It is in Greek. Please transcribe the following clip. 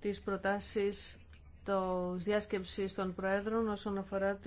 τις προτάσεις της διάσκεψης των Προέδρων όσον αφορά